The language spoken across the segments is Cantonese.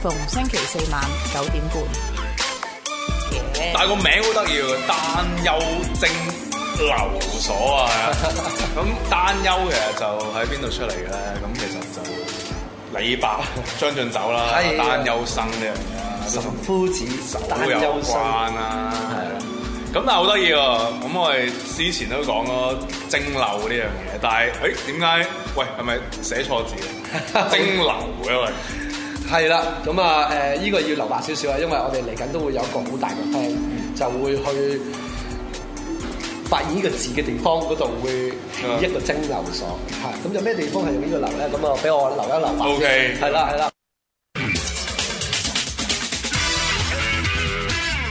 逢星期四晚九點半。但係個名好得意，擔憂蒸流所啊！咁擔憂其實就喺邊度出嚟嘅咧？咁其實就李白、將進 子酒啦，擔憂生呢樣嘢，神夫子擔憂關啦，係啦。咁但係好得意喎！咁我哋之前都講咗蒸流呢樣嘢，但係誒，點、欸、解？喂，係咪寫錯字？ 蒸餾嘅喂。 係啦，咁啊，誒，呢個要留白少少啊，因為我哋嚟緊都會有一個好大嘅廳，就會去發現呢個字嘅地方嗰度會一個蒸餾所，嚇的，咁有咩地方係用呢個留咧？咁啊，俾我留一留白。O K，係啦，係啦。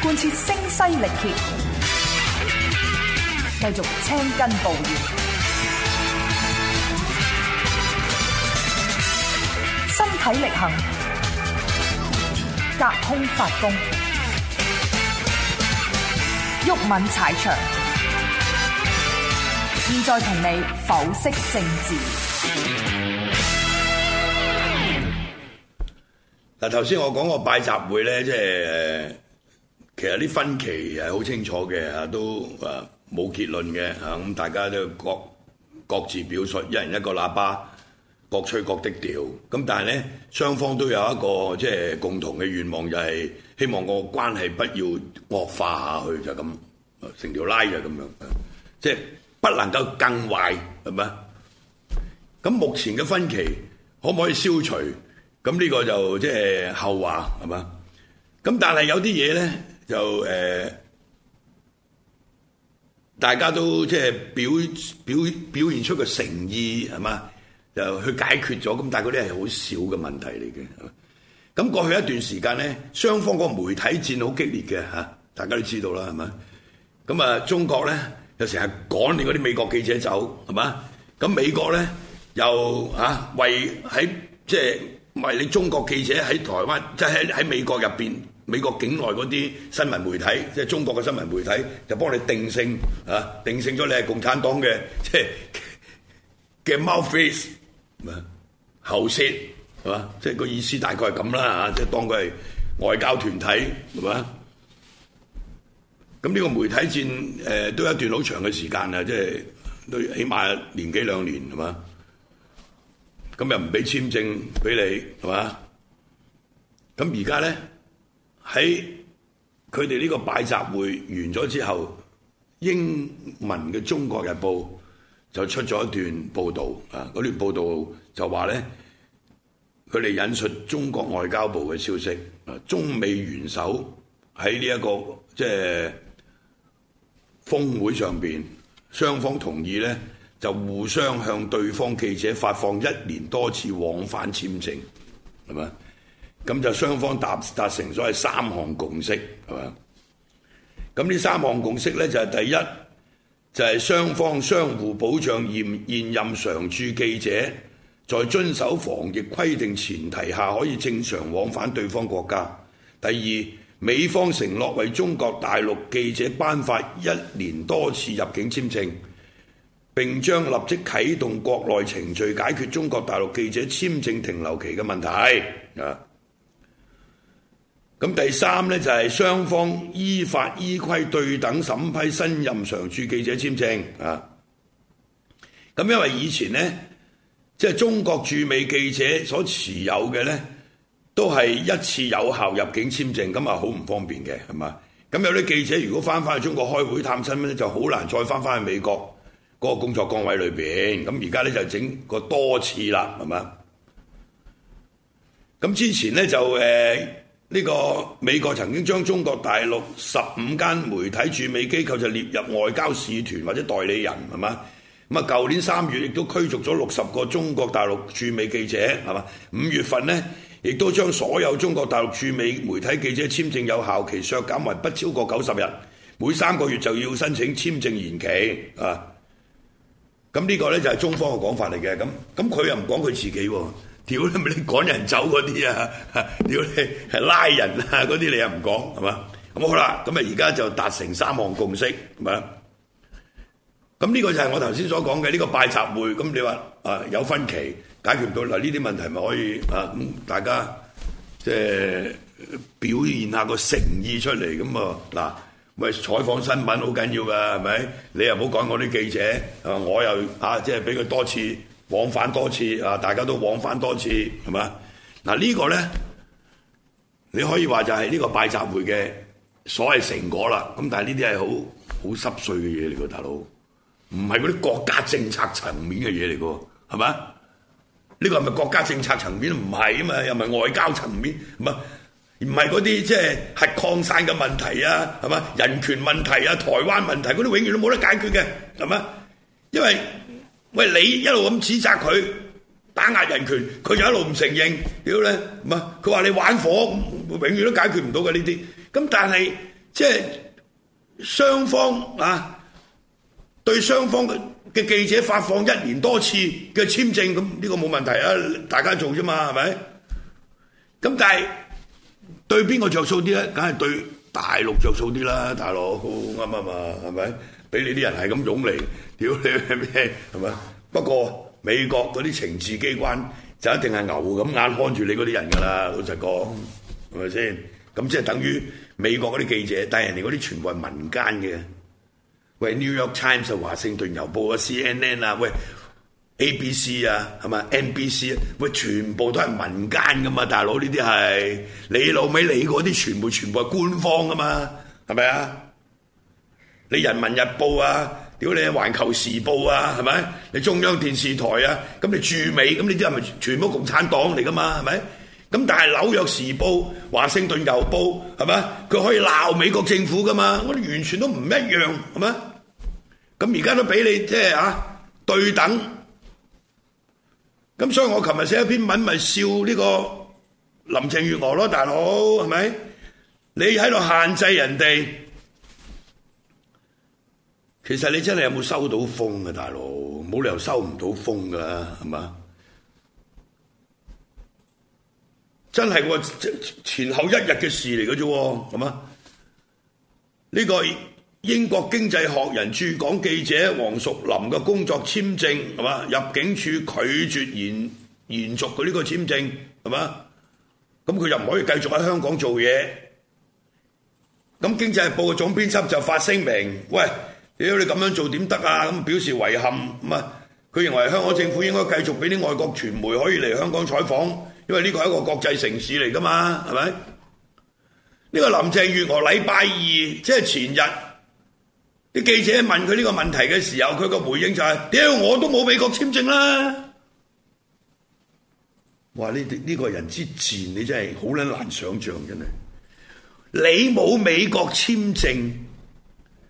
貫徹聲嘶力竭，繼續青筋暴現，身體力行。隔空發功，毓民踩場。現在同你剖析政治。嗱，頭先我講個拜集會咧，即係其實啲分歧係好清楚嘅嚇，都啊冇結論嘅嚇，咁大家都各各自表述，一人一個喇叭。各吹各的調，咁但係咧，雙方都有一個即係共同嘅願望，就係希望個關係不要惡化下去就咁，成條拉就咁樣，即係不能夠更壞係嘛？咁目前嘅分歧可唔可以消除？咁呢個就即係後話係嘛？咁但係有啲嘢咧就誒，大家都即係表表表現出個誠意係嘛？就去解決咗，咁但係嗰啲係好少嘅問題嚟嘅。咁過去一段時間咧，雙方個媒體戰好激烈嘅嚇，大家都知道啦，係咪？咁啊，中國咧又成日趕你嗰啲美國記者走，係嘛？咁美國咧又啊，為喺即係為你中國記者喺台灣，即係喺喺美國入邊，美國境內嗰啲新聞媒體，即係中國嘅新聞媒體，就幫你定性啊，定性咗你係共產黨嘅，即係嘅 mouthpiece。咩啊？後先係嘛？即係個意思大概係咁啦嚇，即係當佢係外交團體係嘛？咁呢個媒體戰誒都有一段好長嘅時間啊，即係都起碼年幾兩年係嘛？咁又唔俾簽證俾你係嘛？咁而家咧喺佢哋呢個拜集會完咗之後，英文嘅《中國日報》。就出咗一段報道啊，嗰段報道就話咧，佢哋引述中國外交部嘅消息，啊，中美元首喺呢一個即係峰會上邊，雙方同意咧，就互相向對方記者發放一年多次往返簽證，係嘛？咁就雙方達達成所謂三項共識，係嘛？咁呢三項共識咧，就係第一，就係雙方相互保障現現任常駐記者在遵守防疫規定前提下，可以正常往返對方國家。第二，美方承諾為中國大陸記者頒發一年多次入境簽證，並將立即啟動國內程序，解決中國大陸記者簽證停留期嘅問題。啊！咁第三呢，就係、是、雙方依法依規對等審批新任常駐記者簽證啊！咁因為以前呢，即、就、係、是、中國駐美記者所持有嘅呢，都係一次有效入境簽證，咁啊好唔方便嘅，係嘛？咁有啲記者如果翻返去中國開會探親呢，就好難再翻返去美國嗰個工作崗位裏邊。咁而家呢，就整個多次啦，係嘛？咁之前呢，就、呃、誒。呢個美國曾經將中國大陸十五間媒體駐美機構就列入外交使團或者代理人，係嘛？咁啊，舊年三月亦都驅逐咗六十個中國大陸駐美記者，係嘛？五月份呢，亦都將所有中國大陸駐美媒體記者簽證有效期削減為不超過九十日，每三個月就要申請簽證延期啊！咁呢個呢，就係中方嘅講法嚟嘅，咁咁佢又唔講佢自己喎。屌你咪你趕人走嗰啲啊！屌 你係拉人啊嗰啲你又唔講係嘛？咁好啦，咁啊而家就達成三項共識，係嘛？咁呢個就係我頭先所講嘅呢個拜習會。咁你話啊有分歧解決唔到嗱呢啲問題咪可以啊？大家即係、就是、表現下個誠意出嚟咁啊嗱，咪採訪新聞好緊要㗎係咪？你又唔好趕我啲記者啊！我又啊即係俾佢多次。往返多次啊！大家都往返多次，係嘛？嗱、這個、呢個咧，你可以話就係呢個拜習會嘅所謂成果啦。咁但係呢啲係好好濕碎嘅嘢嚟㗎，大佬唔係嗰啲國家政策層面嘅嘢嚟㗎，係嘛？呢、這個係咪國家政策層面？唔係啊嘛，又唔係外交層面，唔係唔係嗰啲即係核擴散嘅問題啊，係嘛？人權問題啊，台灣問題嗰啲永遠都冇得解決嘅，係嘛？因為喂，你一路咁指責佢打壓人權，佢就一路唔承認，屌你，唔係，佢話你玩火，永遠都解決唔到嘅呢啲。咁但係即係雙方啊，對雙方嘅嘅記者發放一年多次嘅簽證，咁呢個冇問題啊，大家做啫嘛，係咪？咁但係對邊個著數啲咧？梗係對大陸著數啲啦，大佬，啱唔啱啊？係咪？俾你啲人係咁湧嚟，屌你咩係嘛？不過美國嗰啲情治機關就一定係牛咁眼看住你嗰啲人㗎啦，老實講係咪先？咁即係等於美國嗰啲記者，但係人哋嗰啲全部係民間嘅。喂，《New York Times》啊，《華盛頓郵報》啊，《CNN》啊，喂，《ABC》啊，係嘛，《NBC》，喂，全部都係民間㗎嘛，大佬，呢啲係你老味，你嗰啲全部全部係官方㗎嘛，係咪啊？你人民日報啊，屌你環球時報啊，係咪？你中央電視台啊，咁你駐美，咁你啲人係咪全部共產黨嚟噶嘛，係咪？咁但係紐約時報、華盛頓郵報，係咪？佢可以鬧美國政府噶嘛？我哋完全都唔一樣，係咪？咁而家都俾你，即係啊，對等，咁所以我琴日寫一篇文咪笑呢個林鄭月娥咯，大佬，係咪？你喺度限制人哋。其實你真係有冇收到風呀，大佬，冇理由收唔到風噶，係嘛？真係喎，前後一日嘅事嚟嘅啫，係嘛？呢個英國經濟學人駐港記者黃淑琳嘅工作簽證，係嘛？入境處拒絕延延續佢呢個簽證，係嘛？咁佢又唔可以繼續喺香港做嘢。咁經濟日報嘅總編輯就發聲明，喂！屌，你咁樣做點得啊？咁表示遺憾，咁啊，佢認為香港政府應該繼續俾啲外國傳媒可以嚟香港採訪，因為呢個係一個國際城市嚟噶嘛，係咪？呢個林鄭月娥禮拜二即係前日，啲記者問佢呢個問題嘅時候，佢個回應就係：屌我都冇美國簽證啦！哇！呢啲呢個人之前你真係好撚難想象真係，你冇美國簽證。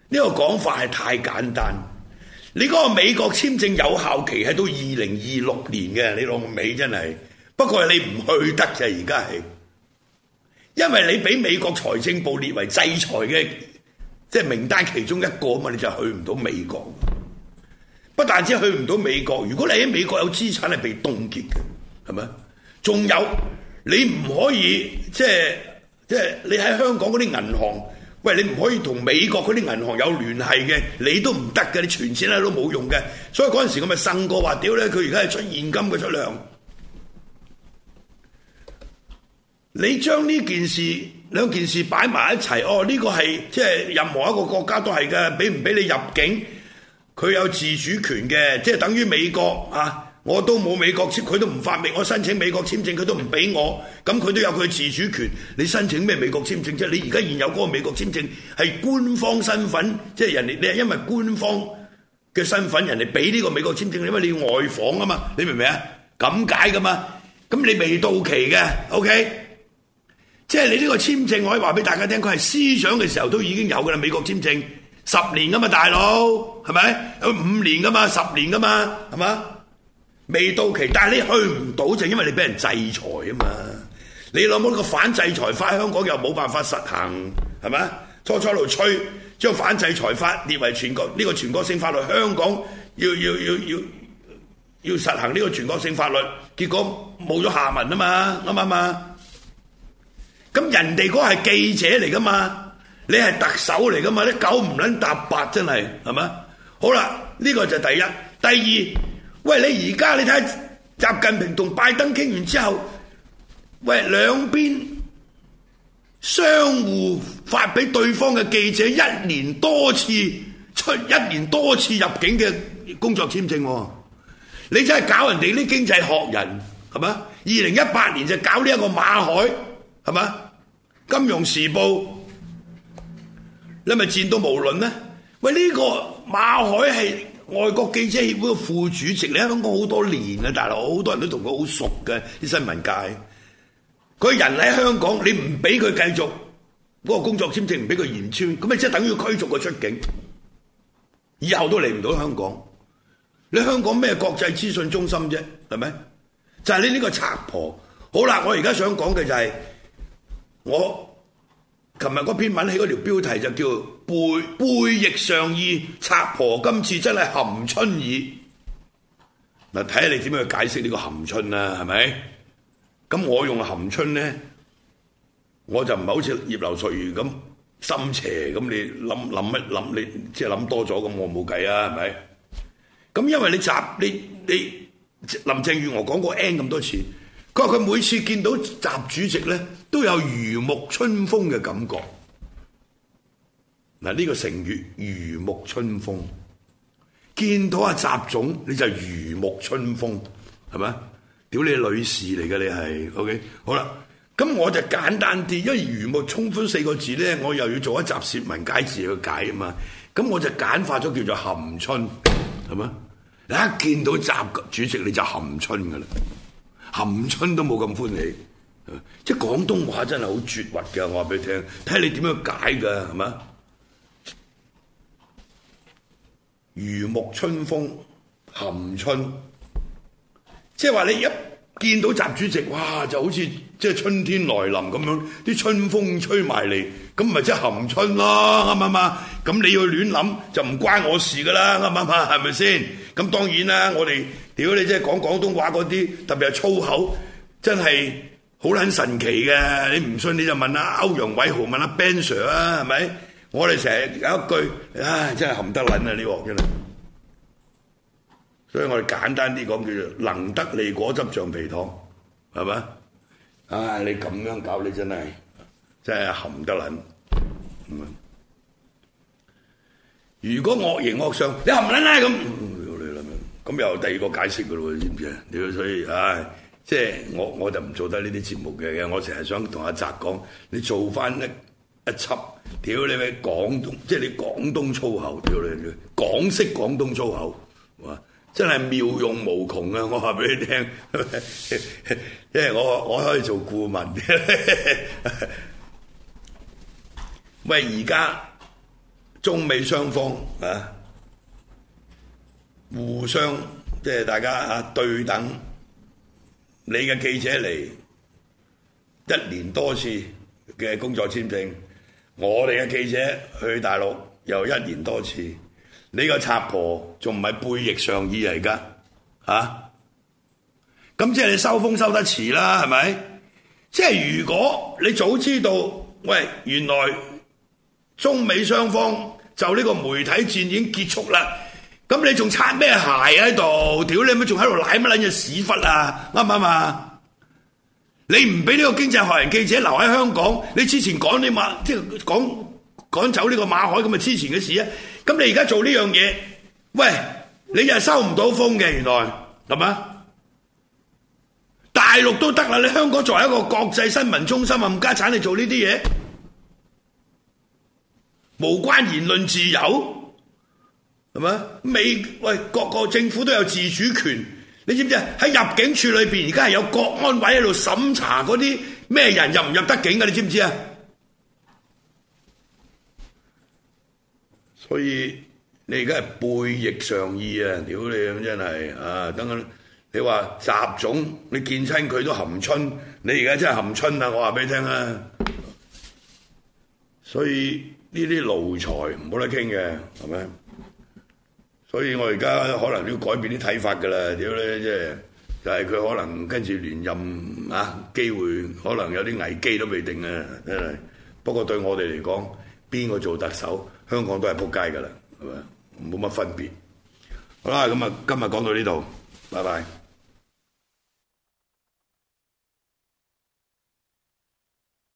呢個講法係太簡單。你嗰個美國簽證有效期係到二零二六年嘅，你諗美真係不過你唔去得嘅，而家係因為你俾美國財政部列為制裁嘅即係名單其中一個啊嘛，你就去唔到美國。不但止去唔到美國，如果你喺美國有資產係被凍結嘅，係咪？仲有，你唔可以即係即係你喺香港嗰啲銀行。喂，你唔可以同美國嗰啲銀行有聯繫嘅，你都唔得嘅，你存錢呢都冇用嘅。所以嗰陣時我咪呻過話，屌咧，佢而家係出現金嘅出糧。你將呢件事兩件事擺埋一齊，哦，呢、這個係即係任何一個國家都係嘅，俾唔俾你入境，佢有自主權嘅，即係等於美國啊。我都冇美國簽，佢都唔發明我申請美國簽證，佢都唔俾我。咁佢都有佢自主權。你申請咩美國簽證啫？你而家現有嗰個美國簽證係官方身份，即係人哋你係因為官方嘅身份，人哋俾呢個美國簽證，因為你要外訪啊嘛，你明唔明啊？咁解噶嘛？咁你未到期嘅，OK？即係你呢個簽證，我可以話俾大家聽，佢係思想嘅時候都已經有噶啦。美國簽證十年噶嘛，大佬係咪？五年噶嘛，十年噶嘛，係嘛？未到期，但係你去唔到，就因為你俾人制裁啊嘛！你諗冇呢個反制裁法，香港又冇辦法實行，係咪？初初度吹將反制裁法列為全國呢個全國性法律，香港要要要要要實行呢個全國性法律，結果冇咗下文啊嘛，啱唔啱？咁人哋嗰係記者嚟噶嘛，你係特首嚟噶嘛？啲狗唔撚搭八，真係係咪？好啦，呢個就第一，第二。喂，你而家你睇，習近平同拜登傾完之後，喂，兩邊相互發俾對方嘅記者一年多次出、一年多次入境嘅工作簽證。你真係搞人哋啲經濟學人係嘛？二零一八年就搞呢一個馬海係嘛？金融時報，你咪戰到無論咧？喂，呢個馬海係。外國記者協會嘅副主席，你喺香港好多年嘅，大佬好多人都同佢好熟嘅，啲新聞界。佢人喺香港，你唔俾佢繼續嗰個工作簽證，唔俾佢延簽，咁咪即係等於驅逐佢出境，以後都嚟唔到香港。你香港咩國際資訊中心啫，係咪？就係你呢個賊婆。好啦，我而家想講嘅就係我琴日嗰篇文起嗰條標題就叫。背背逆上意，賊婆今次真係含春意。嗱，睇下你點樣去解釋呢個含春啊，係咪？咁我用含春咧，我就唔係好似葉劉淑儀咁心邪咁，你諗諗一諗，你即係諗多咗咁，我冇計啊，係咪？咁，因為你習、你你林鄭月娥講過 N 咁多次，佢話佢每次見到習主席咧，都有如沐春風嘅感覺。嗱，呢個成語如沐春風，見到阿習總你就如沐春風，係咪屌你女士嚟嘅，你係 OK 好。好啦，咁我就簡單啲，因為如沐春風四個字咧，我又要做一集說文解字去解啊嘛。咁我就簡化咗叫做含春，係咪啊？你一見到習主席你就含春噶啦，含春都冇咁歡喜。即係廣東話真係好絕核嘅，我話俾你聽，睇下你點樣解㗎，係咪？如沐春風，含春，即係話你一見到習主席，哇，就好似即係春天來臨咁樣，啲春風吹埋嚟，咁咪即係含春咯，啱唔啱？咁你要亂諗就唔關我事㗎啦，啱唔啱？係咪先？咁當然啦，我哋屌你即係講廣東話嗰啲，特別係粗口，真係好撚神奇嘅。你唔信你就問下歐陽偉豪，問阿 Ben Sir 啊，係咪？我哋成日有一句，唉，真係含得撚啊，呢個真係，所以我哋簡單啲講叫做能得利果汁橡皮糖，係咪？啊，你咁樣搞你真係真係含得撚，如果惡形惡相，你含撚啦，咁，咁、嗯、又第二個解釋噶咯喎，知唔知啊？你所以唉，即係我我就唔做得呢啲節目嘅，我成日想同阿澤講，你做翻咧。一輯，屌你咪廣東，即係你廣東粗口，屌你你，廣式廣東粗口，哇！真係妙用無窮啊！我話俾你聽，因為我我可以做顧問。喂，而家中美雙方啊，互相即係大家啊對等，你嘅記者嚟一年多次嘅工作簽證。我哋嘅記者去大陸又一年多次，你個賊婆仲唔係悖逆上意嚟噶嚇？咁、啊、即係你收風收得遲啦，係咪？即係如果你早知道，喂，原來中美雙方就呢個媒體戰已經結束啦，咁你仲擦咩鞋喺度？屌你咪仲喺度舐乜撚隻屎忽啊！啱唔啱呀～你唔俾呢個經濟學人記者留喺香港，你之前趕你馬即係趕趕走呢個馬海咁嘅之前嘅事啊？咁你而家做呢樣嘢，喂，你又係收唔到風嘅，原來係咪啊？大陸都得啦，你香港作為一個國際新聞中心啊，冚家鏟你做呢啲嘢，無關言論自由，係咪啊？未喂，各個政府都有自主權。你知唔知啊？喺入境處裏邊，而家係有國安委喺度審查嗰啲咩人入唔入得境嘅？你知唔知啊？所以你而家係悖逆上意啊！屌你真係啊！等陣你話習總，你見親佢都含春，你而家真係含春啦！我話俾你聽啊！所以呢啲奴才唔好得傾嘅，係咪？所以我而家可能要改變啲睇法㗎啦，屌咧即係就係、是、佢可能跟住連任啊機會，可能有啲危機都未定啊，因為不過對我哋嚟講，邊個做特首，香港都係仆街㗎啦，係咪冇乜分別。好啦，咁啊今日講到呢度，拜拜。